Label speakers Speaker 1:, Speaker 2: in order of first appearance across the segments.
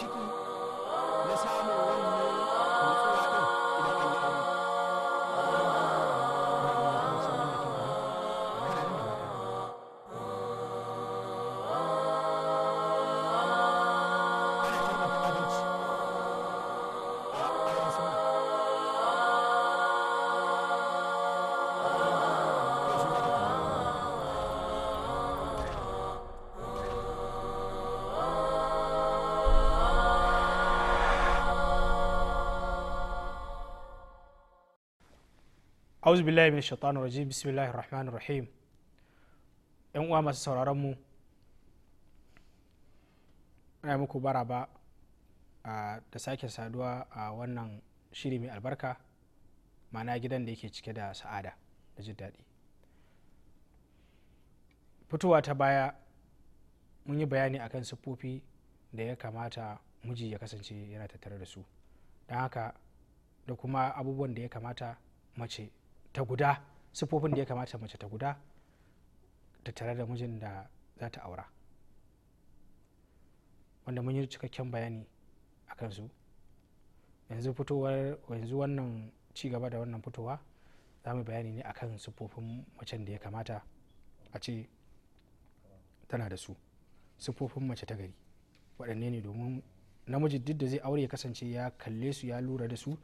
Speaker 1: 마시고 auzu billahi min shaitan rajim bismillahir rahmanir rahim yan uwa masu sauraron mu ina muku baraba da sake saduwa a wannan shiri mai albarka mana gidan da yake cike da sa'ada da jin daɗi fitowa ta baya mun yi bayani akan siffofi da ya kamata miji ya kasance yana tattare da su don haka da kuma abubuwan da ya kamata mace ta guda sufofin da ya kamata mace ta guda ta tare da mijin da za ta aura wanda mun yi cikakken bayani a kansu yanzu fitowar yanzu wannan ci gaba da wannan fitowa za mu bayani ne akan siffofin macen da ya kamata a ce tana da su siffofin mace ta gari waɗanne ne domin namiji duk da zai aure ya kasance ya kalle su ya lura da su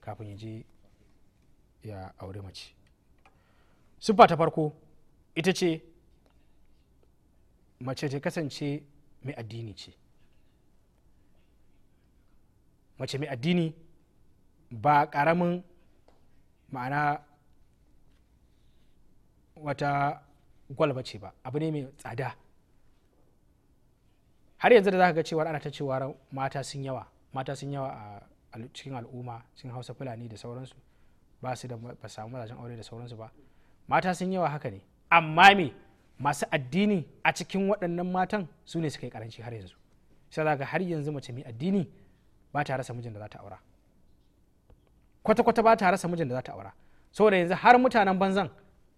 Speaker 1: kafin ya je ya aure mace siffa ta farko ita ce mace ta kasance mai addini ce mace mai addini ba ƙaramin ma'ana wata gwalba ce ba abu ne mai tsada har yanzu da za ka ga cewa ana ta cewa mata sun yawa mata sun yawa a cikin al'umma cikin hausa fulani da sauransu ba su da ba samu mazajen aure da sauransu ba mata sun yi yawa haka ne amma me masu addini a cikin waɗannan matan su ne suka yi karanci har yanzu sai za har yanzu mace mai addini ba ta rasa mijin da za ta aura kwata-kwata ba ta rasa mijin da za ta aura saboda yanzu har mutanen banzan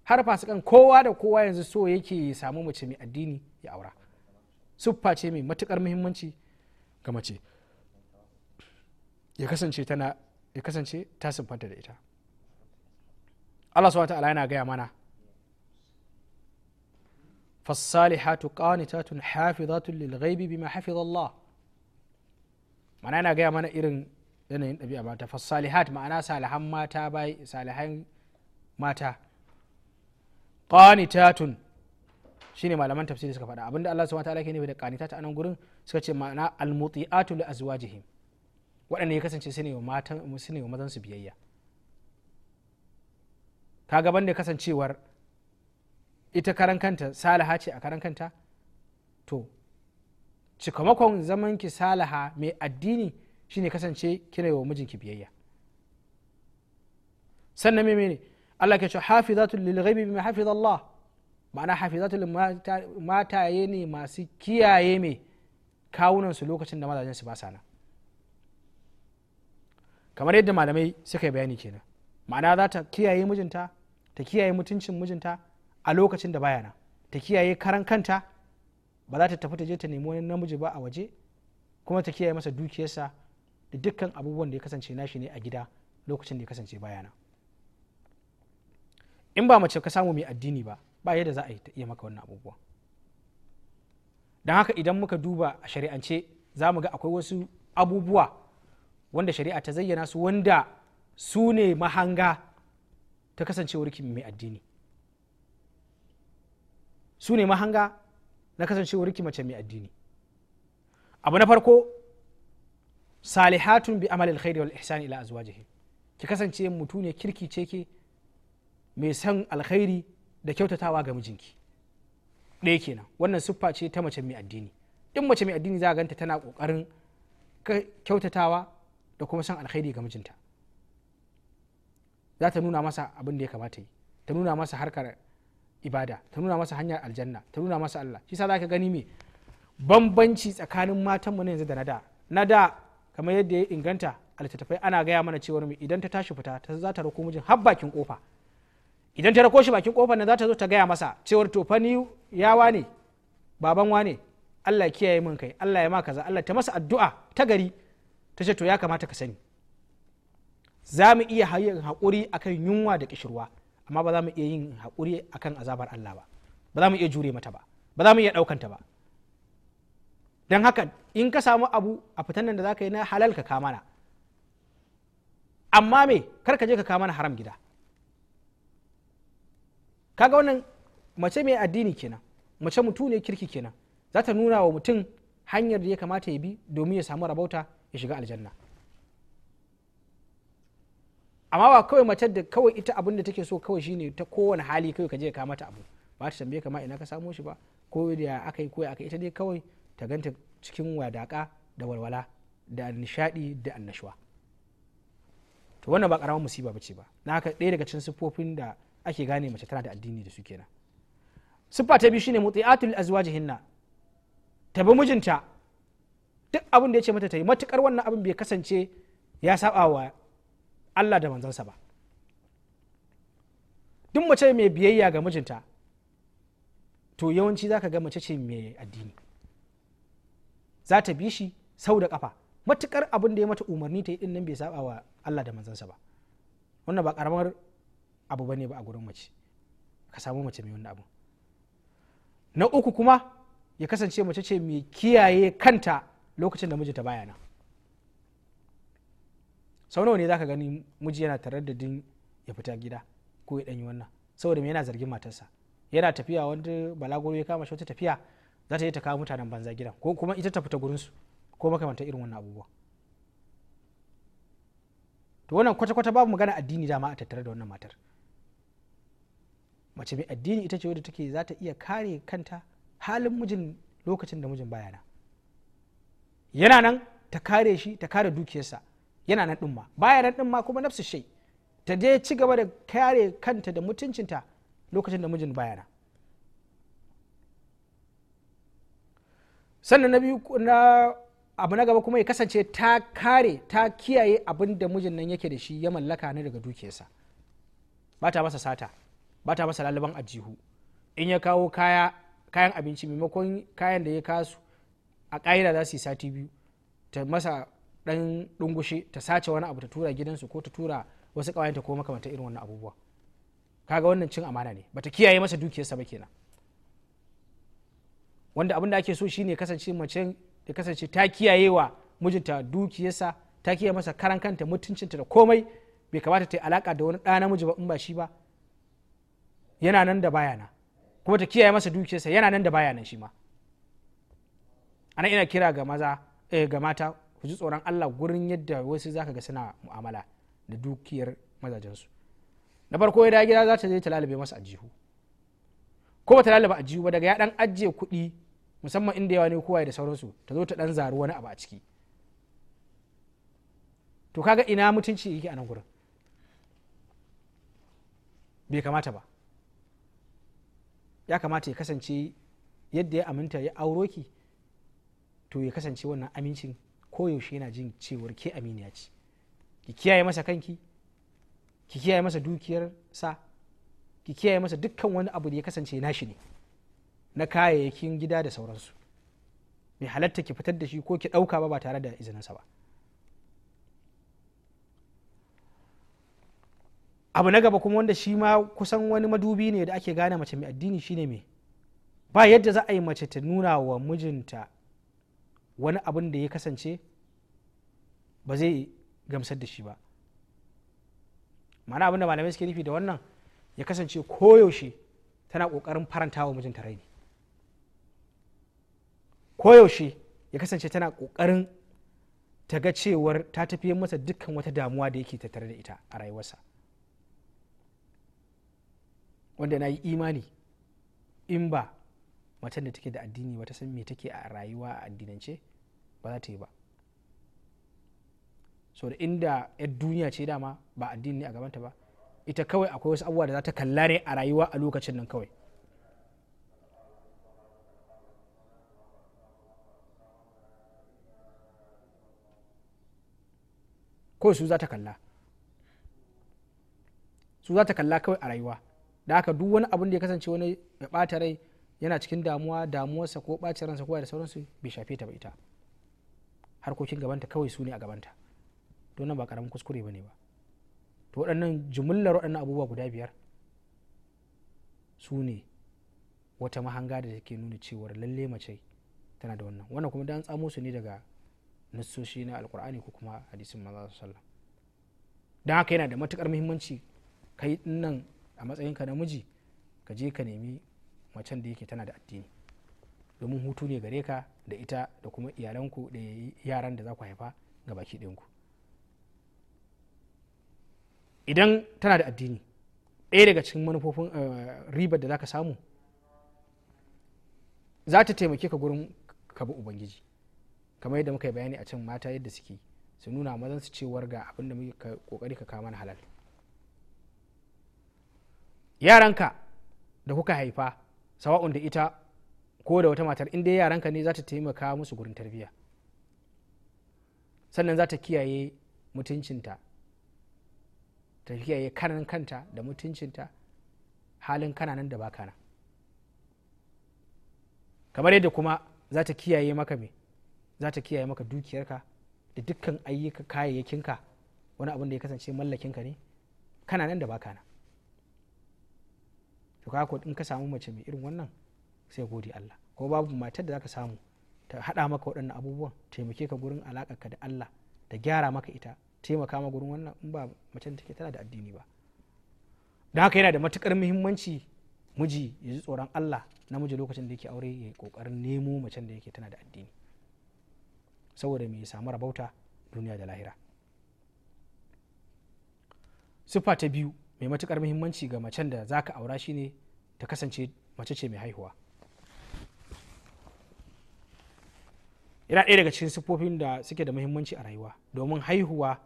Speaker 1: har fasikan kowa da kowa yanzu so yake samu mace mai addini ya aura siffa ce mai matukar muhimmanci ga mace ya kasance ya kasance ta siffanta da ita Allah subhanahu ta'ala yana gaya mana fassalihatu qanitatun hafizatun lil ghaibi bima hafiza Allah mana yana gaya mana irin yanayin ɗabi'a mata fassalihat ma'ana salihan mata bai salihan mata qanitatun shine malaman tafsiri suka faɗa abinda Allah subhanahu wataala yake nufi da qanitat anan gurin suka ce ma'ana almuti'atu li azwajihim waɗanda ya kasance su wa matan su ne wa mazan su biyayya ka gaban da kasancewar ita karan kanta salaha ce a karan kanta to cikamakon zaman ki salaha mai addini shine kasance kina wa mijinki biyayya sannan me mene Allah ke ce hafizatul lil ghaibi bima hafiz Allah ma'ana hafizatul mataye ne masu kiyaye mai kawunan su lokacin da mazajen su ba sana kamar yadda malamai suka yi bayani kenan ma'ana za ta kiyaye mijinta ta kiyaye mutuncin mijinta a lokacin da bayana ta kiyaye karan kanta ba za ta tafi ta je ta nemi wani namiji ba a waje kuma ta kiyaye masa dukiyarsa da dukkan abubuwan da ya kasance nashi ne a gida lokacin da ya kasance bayana in ba mace ka samu mai addini ba ba yadda za a yi ta iya maka wannan abubuwa don haka idan muka duba a shari'ance za mu ga akwai wasu abubuwa wanda shari'a ta zayyana su wanda su ne mahanga ta kasancewar ki mai addini su ne mahanga na kasancewar ki mace mai addini abu na farko salihatun bi amal alkhairi wal ihsan ila azwajihi ki kasance mutu ne kirki ce ke mai san alkhairi da kyautatawa ga mijinki ɗaya kenan wannan siffa ce ta mace mai addini in mace mai addini za a ganta tana kokarin kyautatawa da kuma san alkhairi ga mijinta za ta nuna masa abin da ya kamata yi ta nuna masa harkar ibada ta nuna masa hanyar aljanna ta nuna masa Allah shi sa za ka gani me bambanci tsakanin matan mu na yanzu da na da na da kamar yadda ya inganta a ana gaya mana cewar mu idan ta tashi fita ta za ta rako mijin har bakin kofa idan ta rako shi bakin kofar nan za ta zo ta gaya masa cewar to fa ni yawa ne baban wane Allah kiyaye min kai Allah ya ma kaza Allah ta masa addu'a ta gari ta ce to ya kamata ka sani za mu iya yin hakuri akan yunwa da kishirwa amma ba za mu iya yin hakuri akan azabar Allah ba ba za mu iya jure mata ba ba za mu iya ɗaukanta ba don haka in ka samu abu a fitan nan da za ka yi na halal ka na amma me kar ka je ka na haram gida kaga wannan mace mai addini kenan mace mutu ne kirki kenan za ta nuna wa mutum hanyar da ya kamata ya bi domin ya samu rabauta ya shiga aljanna amma ba kawai mace da kawai ita abin da take so kawai shine ta kowane hali kawai ka je ka mata abu ba ta tambaye ka ma ina ka samo shi ba ko da aka yi koya aka ita dai kawai ta ganta cikin wadaka da walwala da nishadi da annashuwa to wannan ba karamar musiba bace ba na haka ɗaya daga cikin siffofin da ake gane mace tana da addini da su kenan siffa ta biyu shine mutiatul azwajihinna ta bi mijinta duk abin da ya ce mata ta yi matukar wannan abin bai kasance ya saba wa Allah da manzansa ba duk mace mai biyayya ga mijinta to yawanci za ka ga mace ce mai addini za ta bi shi sau da kafa matukar abin da ya mata umarni ta yi din nan bai saba wa Allah da manzansa ba wannan ba karamar abu bane ba a gurin mace ka samu mace mai wannan abu na uku kuma ya kasance mace ce mai kiyaye kanta lokacin da mijinta baya nan sau nawa ne zaka gani miji yana tare da din ya fita gida ko ya danyi wannan saboda me yana zargin matarsa yana tafiya wanda balagoro ya kama shi wata tafiya za ta yi ta kawo mutanen banza gidan ko kuma ita ta fita gurinsu ko makamanta irin wannan abubuwa to wannan kwata-kwata babu magana addini dama a tattare da wannan matar mace mai addini ita ce wadda take za ta iya kare kanta halin mijin lokacin da mijin bayana yana nan ta kare shi ta kare dukiyarsa yana nan ɗin ma baya nan ma kuma nafsu shai ta je ci gaba da kare kanta da mutuncinta lokacin da mijin bayana sannan na biyu na abu na gaba kuma ya kasance ta kare ta kiyaye abin da mijin nan yake da shi ya mallaka ne daga dukiyarsa ba ta masa sata ba ta masa lalaban ajihu in ya kawo kaya kayan abinci maimakon kayan da ya kasu a ƙa'ida za su yi sati biyu ta masa dan dungushi ta sace wani abu ta tura gidansu ko ta tura wasu kawayenta ko ta irin wannan abubuwa kaga wannan cin amana ne bata kiyaye masa dukiyarsa ba kenan wanda abin da ake so shine kasance mace ta kasance ta kiyaye wa mijinta dukiyarsa ta kiyaye masa karan kanta mutuncinta da komai bai kamata ta yi alaka da wani ɗa namiji ba in ba shi ba yana nan da bayana kuma ta kiyaye masa dukiyarsa yana nan da bayanan shi ma ana ina kira ga maza eh, ga mata ku ji tsoron Allah gurin yadda wasu zaka ga suna mu'amala da dukiyar mazajensu na farko ya gida za ta je ta lalube masa ajihu ko ba ta lalube ajihu ba daga ya dan ajiye kuɗi musamman inda yawa ne kowa da sauransu ta zo ta dan zaru wani abu a ciki to kaga ina mutunci yake a nan gurin bai kamata ba ya kamata ya kasance yadda ya aminta ya auro ki to ya kasance wannan amincin koyaushe yana jin cewar ke aminiya ce ki kiyaye masa kanki ki kiyaye masa dukiyar sa ki kiyaye masa dukkan wani abu da ya kasance nashi ne na kayayyakin gida da sauransu mai halatta ki fitar da shi ko ki ɗauka ba ba tare da izininsa ba abu na gaba kuma wanda shi ma kusan wani madubi ne da ake gane mace mai addini shine me ba yadda za a yi mace ta nuna wa mijinta wani abin da ya kasance ba zai gamsar da shi ba mana abin da malamai suke nufi da wannan ya kasance koyaushe tana ƙoƙarin faranta wa mijinta rai koyaushe ya kasance tana ƙoƙarin ta ga cewar ta tafiye masa dukkan wata damuwa da yake tattare da ita a rayuwarsa wanda na yi imani in ba Matan da take da addini ba ta san me take a rayuwa a addinance ba za ta yi ba so da inda yar duniya ce dama ba addini a gabanta ba ita kawai akwai wasu abubuwa da za ta kalla ne a rayuwa a lokacin nan kawai ko su za ta kalla su za ta kalla kawai a rayuwa da haka duk wani abin da ya kasance wani ya ɓata rai yana cikin damuwa damuwarsa ko ɓacin ransa ko da sauransu bai shafe ta ba ita harkokin gabanta kawai su ne a gabanta to nan ba karamin kuskure ba ne ba to waɗannan jumullar waɗannan abubuwa guda biyar su ne wata mahanga da take nuna cewar lalle mace tana da wannan wannan kuma dan tsamo su ne daga nassoshi na alkur'ani ko kuma hadisin manzo sallallahu dan haka yana da matukar muhimmanci kai nan a matsayinka namiji ka je ka nemi macen da yake tana da addini domin hutu ne gare ka da ita da kuma iyalanku da yaran da za ku haifa ga baki ɗinku idan tana da addini ɗaya daga cikin manufofin eh, ribar da za ka samu za ta taimake ka gurin kaba ubangiji kamar yadda muka yi bayani a can mata yadda suke su nuna mazan su cewar ga abin da muke kokari ka kama halal yaranka da kuka haifa sawa'un da ita ko da wata matar in dai yaranka ne za ta taimaka musu gurin tarbiyya sannan za ta kiyaye mutuncinta ta kiyaye kanan kanta da mutuncinta halin kananan da ba na kamar yadda kuma za ta kiyaye maka me za ta kiyaye maka dukiyarka da dukkan ayyuka kayayyakinka wani abin da ya kasance mallakinka ne kananan da baka na. to kaga in ka samu mace mai irin wannan sai gode Allah ko babu matar da zaka samu ta hada maka waɗannan abubuwan taimake ka gurin ka da Allah da gyara maka ita taimaka ma gurin wannan in ba mace take tana da addini ba don haka yana da matukar muhimmanci miji ya ji tsoron Allah namiji lokacin da yake aure ya yi kokarin nemo macen da yake tana da addini saboda mai ya samu rabauta duniya da lahira siffa ta biyu mai matukar muhimmanci ga macen da za ka aura shi ne ta kasance mace ce mai haihuwa yana ɗaya daga cikin siffofin da suke da muhimmanci a rayuwa domin haihuwa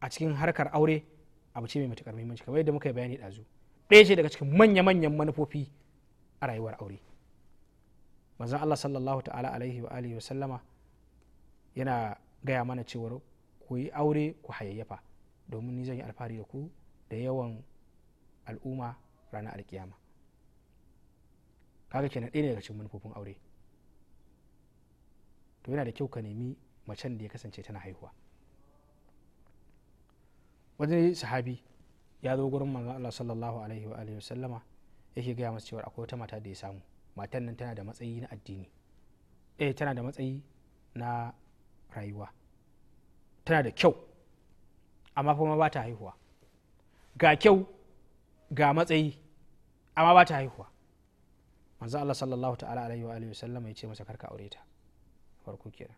Speaker 1: a cikin harkar aure abu ce mai matukar muhimmanci kamar yadda muka yi bayani ɗazu ɗaya ce daga cikin manya-manyan manufofi a rayuwar aure manzon allah sallallahu ta'ala alaihi wa alihi wa sallama yana gaya mana cewar ku yi aure ku hayayyafa domin ni zan yi alfahari da ku da yawan al'umma ranar alkiyama kaga kenan ɗaya ne daga cikin manufofin aure to yana da kyau ka nemi macen da ya kasance tana haihuwa wani sahabi ya zo gurin manzon Allah sallallahu alaihi wa sallama sallama yake gaya masu cewa akwai wata mata da ya samu matan nan tana da matsayi na addini eh tana da matsayi na rayuwa tana da kyau amma kuma ba ta haihuwa ga kyau ga matsayi amma ba ta haihuwa manzo Allah sallallahu ta'ala alaihi wa alihi wasallam ya ce masa karka aure ta farko kenan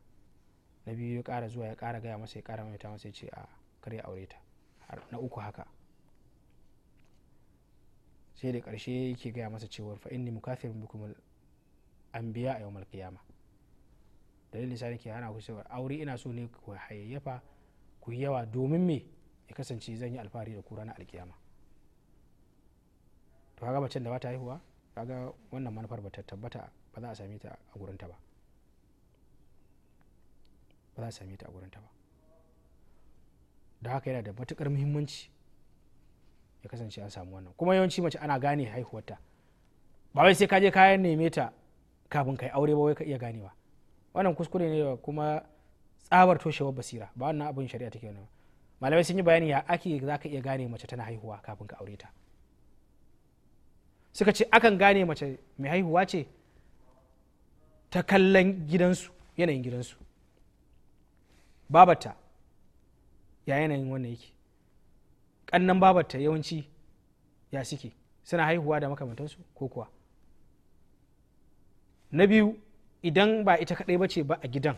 Speaker 1: na biyu ya kara zuwa ya kara gaya masa ya kara mai ta masa ya ce a kar ya aure ta na uku haka sai da karshe yake gaya masa cewa fa inni mukafirun bikum anbiya yawmal qiyamah dalilin sa nake hana ku cewa aure ina so ne ku hayayyafa ku yi yawa domin me ya kasance zan yi alfahari da kura na alkiyama to kaga macen da ba ta haihuwa kaga wannan manufar ba ta tabbata ba za a same ta a gurinta ba ba za a same ta a gurinta ba da haka yana da matukar muhimmanci ya kasance an samu wannan kuma yawanci mace ana gane haihuwarta ba wai sai ka je kayan neme ta kafin kai aure ba wai ka iya ganewa wannan kuskure ne kuma tsabar toshewar basira ba wannan abin shari'a take nuna malamai sun yi bayani ya ake za ka iya gane mace tana haihuwa kafin ka aure ta suka ce akan gane mace mai haihuwa ce ta kallon gidansu yanayin gidansu babata ya yanayin wannan yake kannan babata yawanci ya suke suna haihuwa da makamantansu ko kuwa na biyu idan ba ita kaɗai ba ce ba a gidan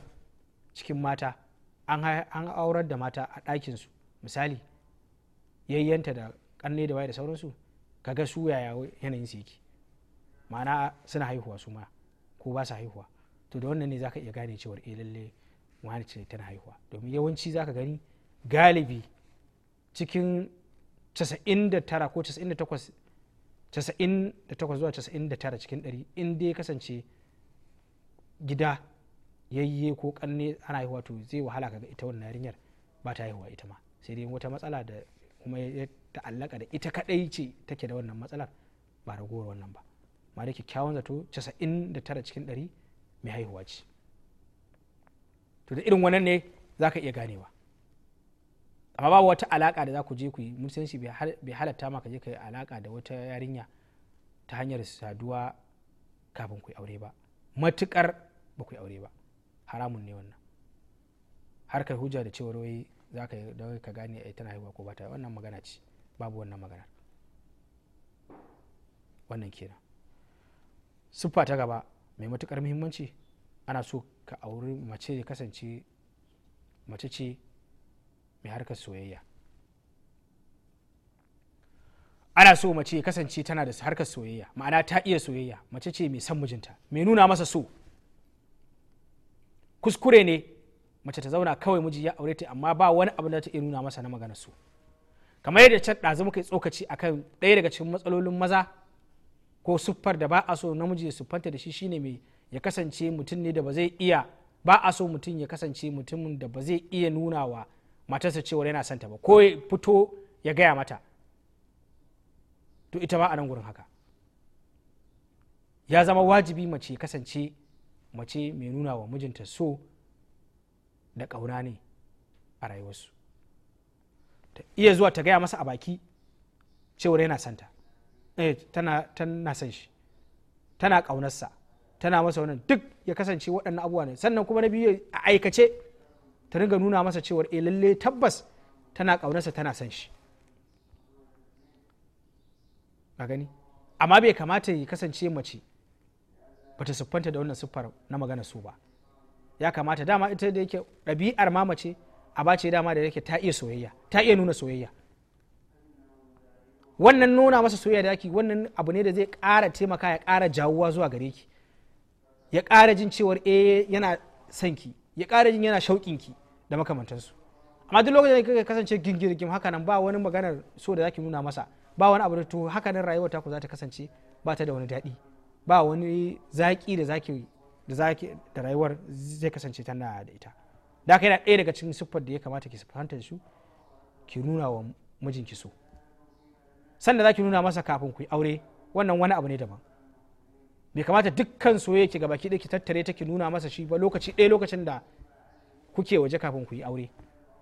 Speaker 1: cikin mata an aurar da mata a ɗakinsu misali yayyanta da ƙanne da waye da sauransu kaga su yaya yanayin su yake ma'ana suna haihuwa su ma ko ba su haihuwa to da wannan ne zaka iya gane cewar eh lalle wani ce tana haihuwa domin yawanci zaka gani galibi cikin 99 ko 98 98 zuwa 99 cikin 100 in dai kasance gida yayye ko kanne ana haihuwa to zai wahala kaga ita wannan yarinyar ba ta haihuwa ita ma sai dai wata matsala da kuma ya ta'allaka da ita kadai ce take da wannan matsalar ba ragowar wannan ba ma da kyakkyawan zato 99 cikin 100 mai haihuwa ce to da irin wannan ne za ka iya ganewa amma babu wata alaka da za ku je ku yi mun san shi bai halatta maka je ka yi alaka da wata yarinya ta hanyar saduwa kafin ku yi aure ba matukar ba ku yi aure ba haramun ne wannan har kai hujja da cewar wai za ka da ka gane ai tana haihuwa ko ba ta wannan magana ce babu wannan magana wannan kenan siffa ta gaba mai matukar muhimmanci ana so ka auri mace ya kasance mace ce mai harkar soyayya ana so mace ya kasance tana da harkar soyayya ma'ana ta iya soyayya mace ce mai son mijinta mai nuna masa so kuskure ne mace ta zauna kawai miji ya aure ta amma ba wani abu da ta iya nuna masa na magana su kamar yadda can ɗazu muka yi tsokaci akan ɗaya daga cikin matsalolin maza ko siffar da ba a so namiji ya siffanta da shi shine mai ya kasance mutum ne da ba zai iya ba a so mutum ya kasance mutumin da ba zai iya nuna wa matarsa cewa yana ta ba ko fito ya gaya mata to ita ba a nan gurin haka ya zama wajibi mace kasance mace mai nuna wa mijinta so da ƙauna ne a rayuwarsu ta iya zuwa ta gaya masa a baki cewar yana santa eh, tana san shi tana ƙaunarsa tana masa wannan duk ya kasance waɗannan abubuwa ne sannan kuma na biyu a aikace ta ringa nuna masa cewar e lalle tabbas tana ƙaunarsa tana san shi a gani amma bai kamata ya kasance mace bata siffanta da wannan siffar na magana su ba ya kamata dama ita da yake ɗabi'ar mamace a bace dama da yake ta iya soyayya ta iya nuna soyayya wannan nuna masa soyayya da ake wannan abu ne da zai ƙara taimaka ya ƙara jawuwa zuwa gare ki ya ƙara jin cewar eh yana son ki ya ƙara jin yana shauƙin ki da makamantansu amma duk lokacin da kake kasance gingirgin haka nan ba wani maganar so da zaki nuna masa ba wani abu da to haka nan rayuwar ta ku za ta kasance ba ta da wani daɗi ba wani zaki da zaki da zaki da rayuwar zai kasance tana da ita da haka yana ɗaya daga cikin siffar da ya kamata ki siffanta da su ki nuna wa mijinki so sanda za ki nuna masa kafin ku aure wannan wani abu ne daban bai kamata dukkan soyayya ki gabaki ɗaya ki tattare ta ki nuna masa shi ba lokaci ɗaya lokacin da kuke waje kafin ku aure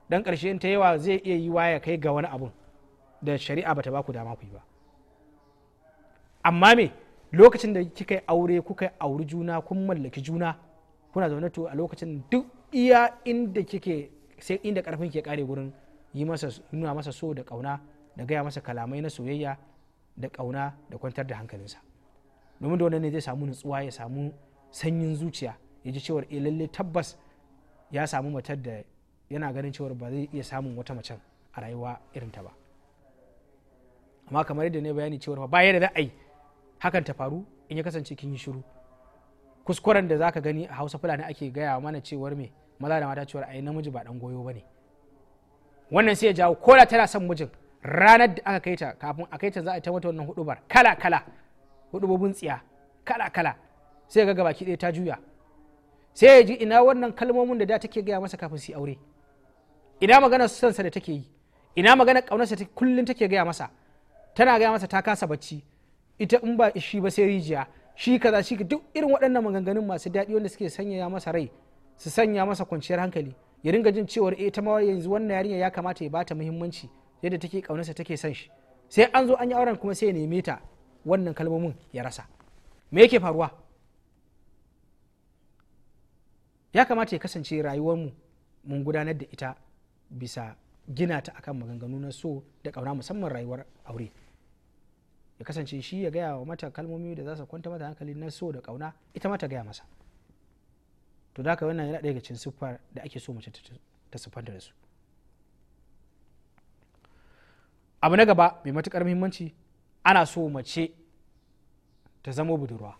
Speaker 1: dan ƙarshe in ta yawa zai iya yi waya kai ga wani abun da shari'a bata ba ku dama ku yi ba amma me lokacin da kika yi aure kuka yi auri juna kun mallaki juna kuna zaune to a lokacin duk iya inda kike sai inda karfin ke kare gurin yi masa nuna masa so da kauna da gaya masa kalamai na soyayya da kauna da kwantar da hankalinsa domin da wannan ne zai samu nutsuwa ya samu sanyin zuciya ya ji cewar eh, lalle tabbas ya samu matar da yana ganin cewar ba zai iya samun wata macen a rayuwa irin ta ba amma kamar yadda ne bayani cewar ba yadda za a yi hakan ta faru in ya kasance kin yi shiru kuskuren da zaka gani a hausa fulani ake gaya mana cewar me maza da mata cewar ai namiji ba dan goyo bane wannan sai ya jawo ko da tana son mijin ranar da aka kai ta kafin a kai ta za a ta mata wannan hudubar kala kala hudubobin tsiya kala kala sai ga gabaki ɗaya ta juya sai ya ji ina wannan kalmomin da da take gaya masa kafin su aure ina magana sansa da take yi ina magana kaunarsa kullum take gaya masa tana gaya masa ta kasa bacci ita in ba shi ba sai rijiya shi kaza shi duk irin waɗannan maganganun masu daɗi wanda suke sanyaya masa rai su sanya masa kwanciyar hankali ya ringa jin cewar eh ta ma yanzu wannan yarinya ya kamata ya bata muhimmanci yadda take kaunarsa take son shi sai an zo an yi auren kuma sai ya neme ta wannan kalmomin ya rasa me yake faruwa ya kamata ya kasance rayuwarmu mun gudanar da ita bisa gina ta akan maganganu na so da ƙauna musamman rayuwar aure ya kasance shi ya gaya wa mata kalmomi da za su kwanta mata hankali na so da kauna ita mata gaya masa to da wannan yana ɗaya cin siffar da ake so mace ta siffanta da su abu na gaba mai matukar muhimmanci ana so mace ta zama budurwa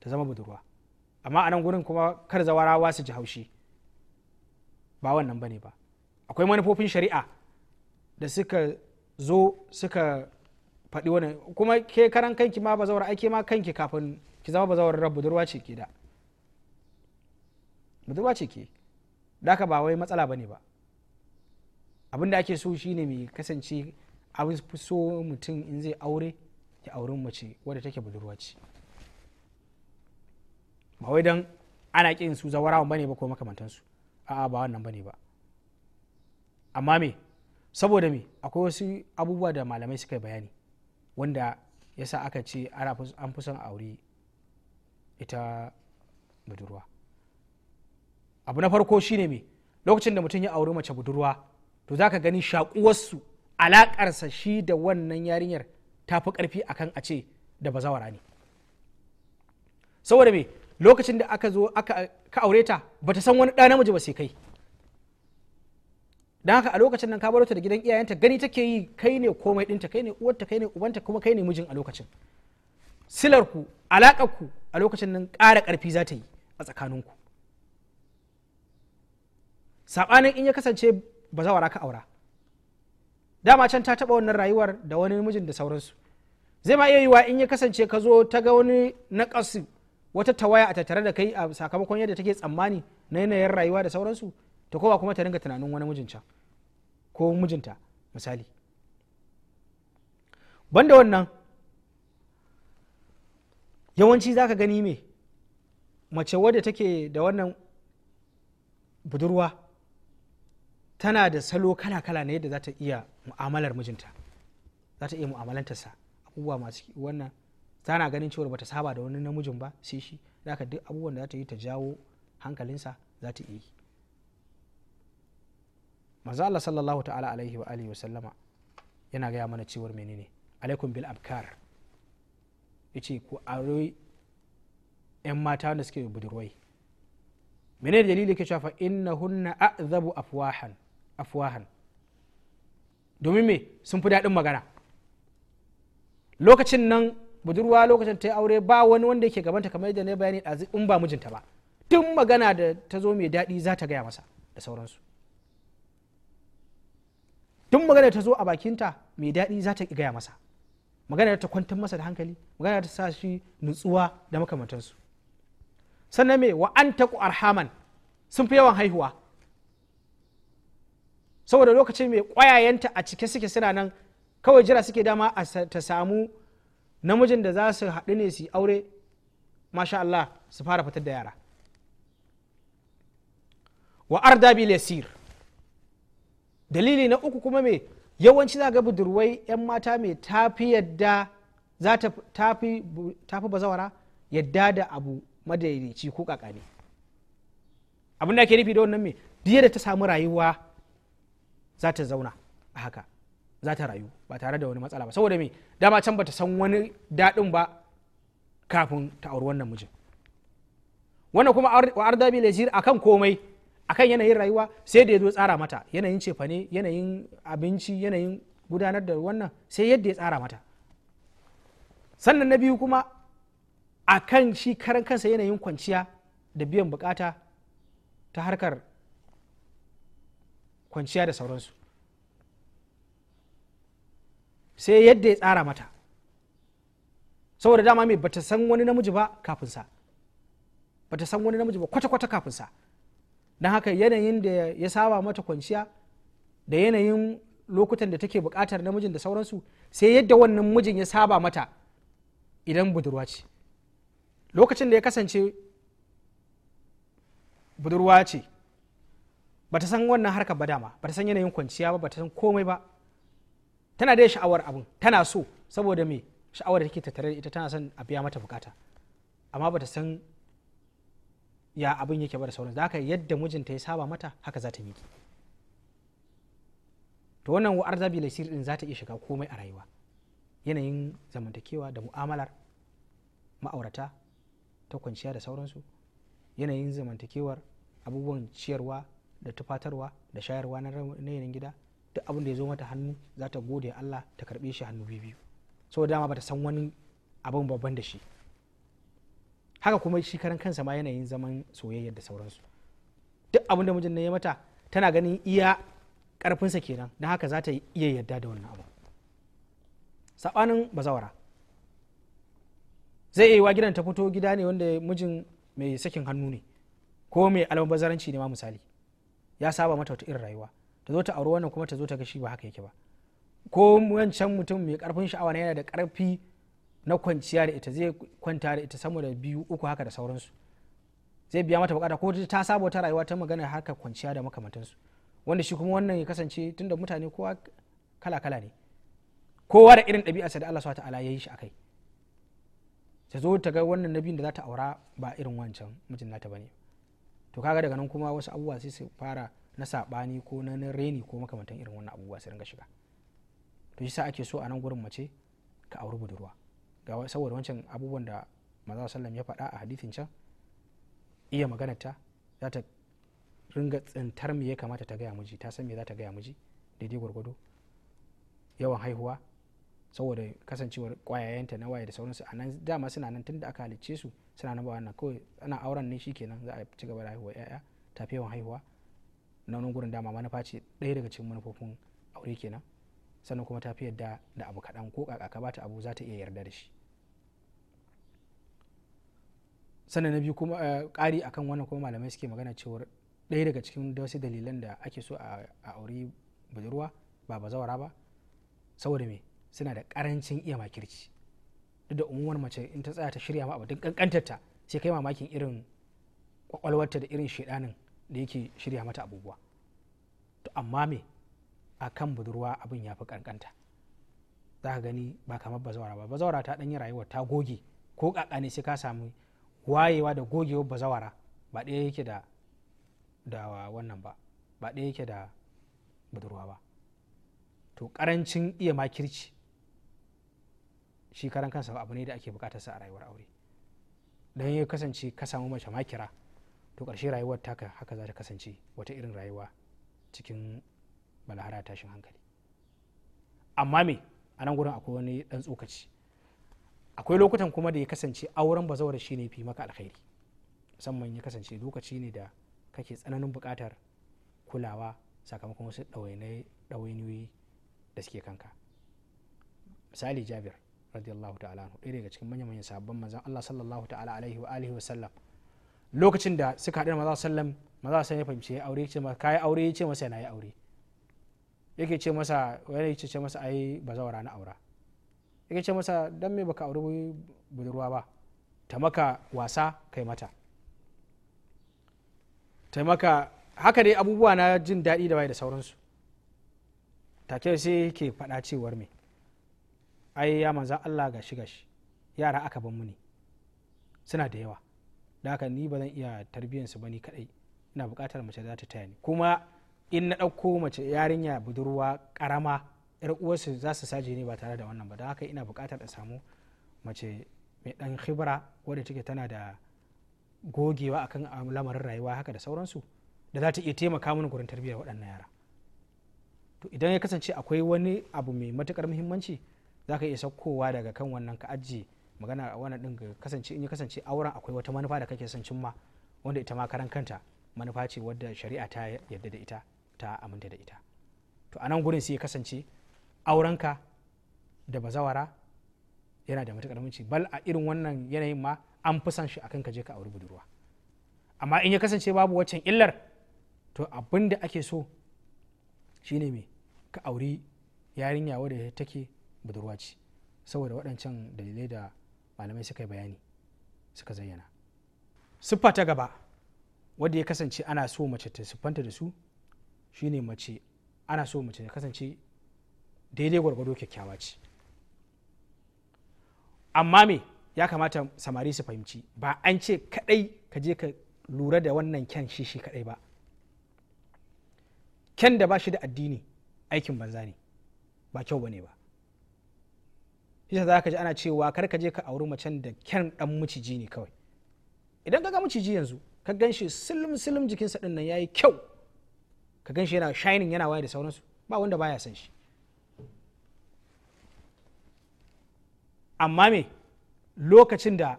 Speaker 1: ta zama budurwa amma a nan gurin kuma kar zawarawa su ji haushi ba wannan bane ba akwai manufofin shari'a da suka zo suka faɗi wani kuma ke karan kanki ma bazawar ake ma kanki kafin ki zama bazawar rabu budurwa ce ke da budurwa ce ke daka ba wai matsala bane ba abin da ake so shine mai kasance abin so mutum in zai aure ya auri mace wadda take budurwa ce ba wai dan ana kin su zawarawan bane ba ko makamantansu a'a ba wannan bane ba amma me saboda me akwai wasu abubuwa da malamai suka bayani wanda ya sa aka ce an fi son aure ita budurwa abu na farko shine me lokacin da mutum ya aure mace budurwa to za ka gani shakuwarsu alakarsa shi da wannan yarinyar ta fi karfi akan a ce da bazawara ne saboda me lokacin da aka zo aka ka aure ta bata san wani ɗa namiji ba sai kai dan haka a lokacin nan ka baro ta da gidan iyayenta gani take yi kai ne komai dinta kai ne uwarta kai ne ubanta kuma kai ne mijin a lokacin silar ku alakar ku a lokacin nan ƙara ƙarfi za ta yi a tsakanin ku sabanin in ya kasance ba za ka aura dama can ta taba wannan rayuwar da wani mijin da sauransu zai ma iya yiwa in ya kasance ka zo ta ga wani naƙasu wata tawaya a tattare da kai a sakamakon yadda take tsammani na yanayin rayuwa da sauransu ta kowa kuma ta ringa tunanin wani mijin ko mijinta misali banda wannan yawanci zaka gani me mace wadda take da wannan budurwa tana da salo kala-kala ne yadda za ta iya mu'amalar mijinta za ta iya mu'amalantarsa abubuwa masu wannan tana ganin cewa bata saba da wani namijin ba sai shi za ka duk abubuwan da za ta yi ta jawo hankalinsa za ta iya yi maza Allah sallallahu ta'ala alaihi wa alihi sallama yana gaya mana cewar menene alaikum bil abkar yace ku aroi yan mata wanda suke budurwai menene dalili ke cewa innahunna a'zabu afwahan afwahan domin me sun fi daɗin magana lokacin nan budurwa lokacin ta yi aure ba wani wanda yake gabanta kamar yadda na bayani in ba mijinta ba tun magana da ta zo mai daɗi za ta gaya masa da sauransu duk magana ta zo a bakinta mai daɗi za ta gaya masa magana ta kwantar masa da hankali magana ta sa shi nutsuwa da makamantansu sannan mai wa an taku arhaman sun fi yawan haihuwa saboda lokacin mai ƙwayayenta a cike suke suna nan kawai jira suke dama a ta samu namijin da za su haɗu ne su aure masha Allah su fara fitar da yara wa arda bil yasir dalili na uku kuma mai yawanci za ga budurwai 'yan mata mai tafi yadda za ta fi bazawara yadda da abu madaidaici ko kakani abin da ke nufi da wannan me diya da ta samu rayuwa za ta zauna a haka za ta rayu ba tare da wani matsala ba saboda mai dama can bata san wani daɗin ba kafin ta auri wannan mijin wannan kuma wa arda a kan komai akan yanayin rayuwa sai da ya zo tsara mata yanayin cefane yanayin abinci yanayin gudanar da wannan sai yadda ya tsara mata sannan na biyu kuma a kan shi karan kansa yanayin kwanciya da biyan bukata ta harkar kwanciya da sauransu sai yadda ya tsara mata saboda dama mai bata san wani namiji ba kafinsa bata san wani namiji ba kwata-kwata kafinsa don haka yanayin da ya saba mata kwanciya da yanayin lokutan da take buƙatar namijin da sauransu sai yadda wannan mijin ya saba mata idan budurwa ce lokacin da ya kasance budurwa ce bata san wannan harkar ba dama bata san yanayin kwanciya ba bata san komai ba tana da sha'awar abin tana so saboda me sha'awar da take tattare da ita tana son a biya mata bukata amma bata san ya abin yake bar sauransu da haka yadda mijinta ya saba mata haka za ta miƙe to wannan wa'ar zabi lasir din za ta iya shiga komai a rayuwa yanayin zamantakewa da mu'amalar ma'aurata ta kwanciya da sauransu yanayin zamantakewar abubuwan ciyarwa da tufatarwa da shayarwa na yanayin gida duk abin da ya zo mata hannu za ta gode Allah ta karbe shi hannu biyu saboda dama ba ta san wani abin babban da shi haka kuma shi karan kansa ma yanayin zaman soyayya da sauransu duk abin da mijin na ya mata tana ganin iya karfinsa kenan don haka za ta iya yadda da wannan abu saɓanin bazawara zai iya gidan ta fito gida ne wanda mijin mai sakin hannu ne ko mai almabazaranci ne ma misali ya saba mata wata irin rayuwa ta zo ta auri wannan kuma ta zo ta ga shi ba haka yake ba ko wancan mutum mai karfin sha'awa yana da karfi na kwanciya da ita zai kwanta da ita sama da biyu uku haka da sauransu zai biya mata bukata ko ta saba ta rayuwa ta magana haka kwanciya da makamantansu wanda shi kuma wannan ya kasance tunda mutane kowa kala kala ne kowa da irin ɗabi'arsa da Allah swt ta'ala ya yi shi akai ta zo ta ga wannan nabin da za ta aura ba irin wancan mijin nata bane to kaga daga nan kuma wasu abubuwa sai su fara na sabani ko na reni ko makamantan irin wannan abubuwa su ringa shiga to shi sa ake so a nan gurin mace ka auri budurwa ga saboda wancan abubuwan da maza sallam ya faɗa a hadithin can iya maganarta za ta ringa tsintar me ya kamata ta gaya miji ta san me za ta gaya miji daidai gwargwado yawan haihuwa saboda kasancewar kwayayenta na waye da sauransu a nan dama suna nan tun da aka halicce su suna nan ba wannan kawai ana auren ne kenan za a ci gaba da haihuwa yaya tafi yawan haihuwa na wani gurin dama manufa ce ɗaya daga cikin manufofin aure kenan sannan kuma ta fi yadda da abu kaɗan ko kaka ka bata abu za ta iya yarda da shi sannan na biyu kuma eh, ƙari akan wannan kuma malamai suke magana cewar ɗaya daga cikin wasu dalilan da ake so a auri budurwa ba zawara ba saboda me suna da ƙarancin iya makirci duk da umuwar mace in ta tsaya ta shirya ma abu duk kankantarta sai kai mamakin irin kwakwalwarta da irin shedanin da yake shirya mata abubuwa to amma me a kan budurwa abin ya fi kankanta za ka gani ba kamar bazawara ba bazawara ta ɗanyi rayuwa ta goge ko ƙaƙa ne sai ka samu wayewa da gogewa bazawara ba ɗaya yake da da wannan ba ba ɗaya yake da budurwa ba to ƙarancin iya makirci shi karan kansa abu ne da ake bukatarsa a rayuwar aure don ya kasance ka samu mace makira to ƙarshe rayuwar ta haka za ta kasance wata irin rayuwa cikin balahara tashin hankali amma me a nan gurin akwai wani ɗan tsokaci akwai lokutan kuma da ya kasance auren bazawar shi ne fi maka alkhairi musamman ya kasance lokaci ne da kake tsananin buƙatar kulawa sakamakon wasu ɗawainiyoyi da suke kanka misali jabir radiyallahu ta'ala anhu ɗaya daga cikin manyan manyan sabbin manzan Allah sallallahu ta'ala alaihi wa alihi wa sallam lokacin da suka haɗu da maza sallam maza sallam ya fahimci ya aure ce masa kai aure ya ce masa yana yi aure yake ce masa wani ya ce masa ai bazawara na aura yake ce masa don me baka auri budurwa ba ta maka wasa kai mata ta maka haka dai abubuwa na jin daɗi da bai da sauransu ta take sai ke faɗa cewar me ai ya manzan allah gashi gashi yara aka ban muni suna da yawa da haka ni ba zan iya tarbiyyansu ba ni kaɗai ina buƙatar mace za ta taya ni kuma in na ɗauko mace yarinya budurwa ƙarama yar uwarsu za su saje ne ba tare da wannan ba don haka ina bukatar a samu mace mai ɗan khibra wadda take tana da gogewa akan lamarin rayuwa haka da sauransu da za ta iya taimaka mana gurin tarbiyyar waɗannan yara to idan ya kasance akwai wani abu mai matukar muhimmanci za ka iya saukowa daga kan wannan ka ajiye magana a wannan ɗin kasance in ya kasance auren akwai wata manufa da kake son cimma wanda ita ma karan kanta manufa ce wadda shari'a ta yarda da ita ta aminta da ita to a nan gurin sai ya kasance aurenka da bazawara yana da matuƙar mace bal a irin wannan yanayin ma an fi son shi akan ka je ka auri budurwa amma in ya kasance babu waccan illar to abin da ake so shine me ka auri yarinya wadda take budurwa ce saboda waɗancan dalilai da malamai suka yi bayani suka zayyana siffa ta gaba wadda ya kasance ana so mace ta siffanta da su shine mace ana so mace ta kasance daidai gwargwado kyakkyawa ce amma me ya kamata samari su fahimci ba an ce kadai ka je ka lura da wannan kyan shi shi kadai ba kyan da ba shi da addini aikin banza ne ba kyau ba ne ba shi za ka ji ana cewa kar ka je ka auri macen da kyan dan miciji ne kawai idan ka ga miciji yanzu ka gan shi silm silm jikinsa din nan yayi kyau ka gan shi yana shining yana waye da sauransu ba wanda baya san shi amma me lokacin da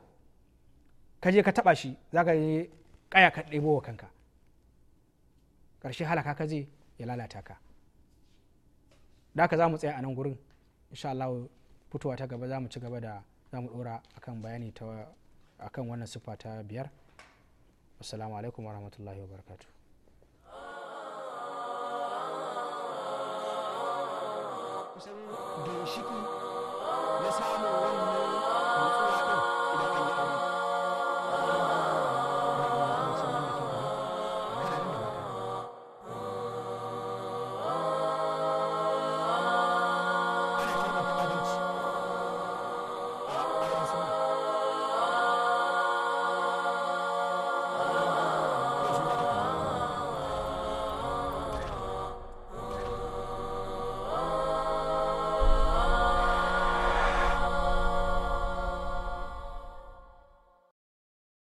Speaker 1: ka je ka taba shi za ka yi kaya ka ɗebo wa kanka ƙarshe halaka ka je ya lalata ka da ka za mu tsaya a nan gurin insha Allah fitowa ta gaba za mu ci gaba da za mu ɗora akan bayani ta akan wannan siffa ta biyar assalamu alaikum wa rahmatullahi wa ginshiki